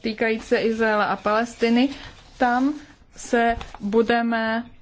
týkající se Izraela a Palestiny, tam se budeme